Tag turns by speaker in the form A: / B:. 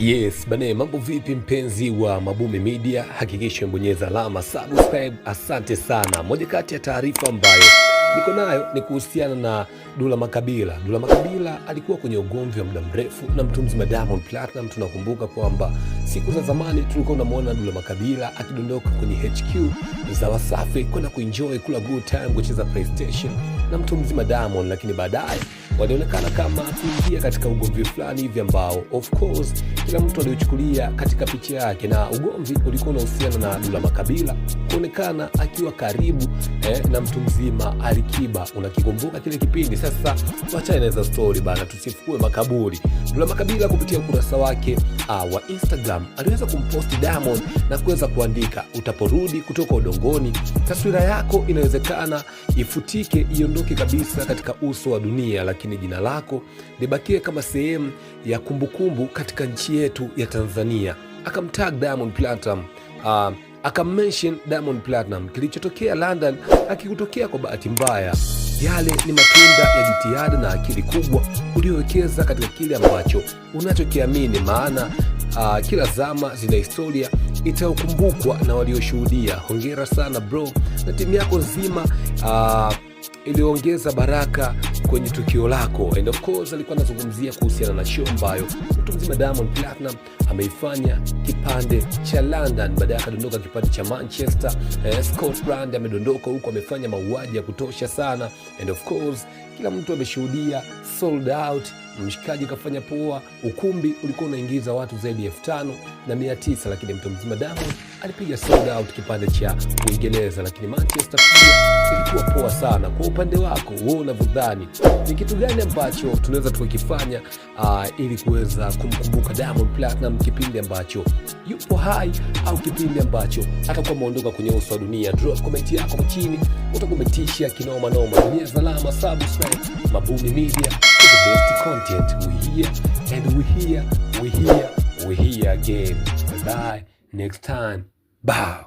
A: Yes bane, mambo vipi mpenzi wa Mabume Media, hakikisha mbonyeza alama subscribe. Asante sana. Moja kati ya taarifa ambayo niko nayo ni kuhusiana na Dula Makabila. Dula Makabila alikuwa kwenye ugomvi wa muda mrefu na mtu mzima Diamond Platinum. Tunakumbuka kwamba siku za zamani tulikuwa tunamwona Dula Makabila akidondoka kwenye HQ za Wasafi kwenda kuenjoy, kula good time, kucheza PlayStation na mtu mzima Diamond, lakini baadaye walionekana kama kuingia katika ugomvi fulani hivi ambao of course kila mtu aliochukulia katika picha yake, na ugomvi ulikuwa unahusiana na Dula Makabila kuonekana akiwa karibu eh, na mtu mzima Alikiba. Unakikumbuka kile kipindi? Sasa wachana naweza story bana, tusifue makaburi. Dula Makabila kupitia ukurasa wake uh, wa Instagram aliweza kumposti Diamond na kuweza kuandika, utaporudi kutoka udongoni, taswira yako inawezekana ifutike, iondoke kabisa katika uso wa dunia, lakini lakini jina lako libakie kama sehemu ya kumbukumbu katika nchi yetu ya Tanzania. Akamtag Diamond Platinum uh, akammention Diamond Platinum, kilichotokea London akikutokea kwa bahati mbaya. Yale ni matunda ya jitihada na akili kubwa uliowekeza katika kile ambacho unachokiamini, maana uh, kila zama zina historia itayokumbukwa na walioshuhudia. Hongera sana bro na timu yako nzima uh, ah, iliyoongeza baraka kwenye tukio lako. And of course alikuwa anazungumzia kuhusiana na show ambayo mtu mzima Diamond Platinum ameifanya kipande cha London, baadaye akadondoka kipande cha Manchester. Eh, Scotland amedondoka huko, amefanya mauaji ya kutosha sana and of course kila mtu ameshuhudia sold out, mshikaji kafanya poa. Ukumbi ulikuwa unaingiza watu zaidi ya elfu tano na mia tisa lakini mtu mzima Diamond alipiga sold out kipande cha Uingereza, lakini Manchester pia ilikuwa poa sana. Kwa upande wako wewe unavyodhani ni kitu gani ambacho tunaweza tukakifanya, uh, ili kuweza kumkumbuka Diamond Platinum kipindi ambacho yupo hai au kipindi ambacho atakuwa ameondoka kwenye uso wa dunia? Drop comment yako chini utakumetisha kinoma noma. zalama alama subscribe. Mabumi Media, the best content we hear and we hear we hear we hear again. Bye next time. Bow.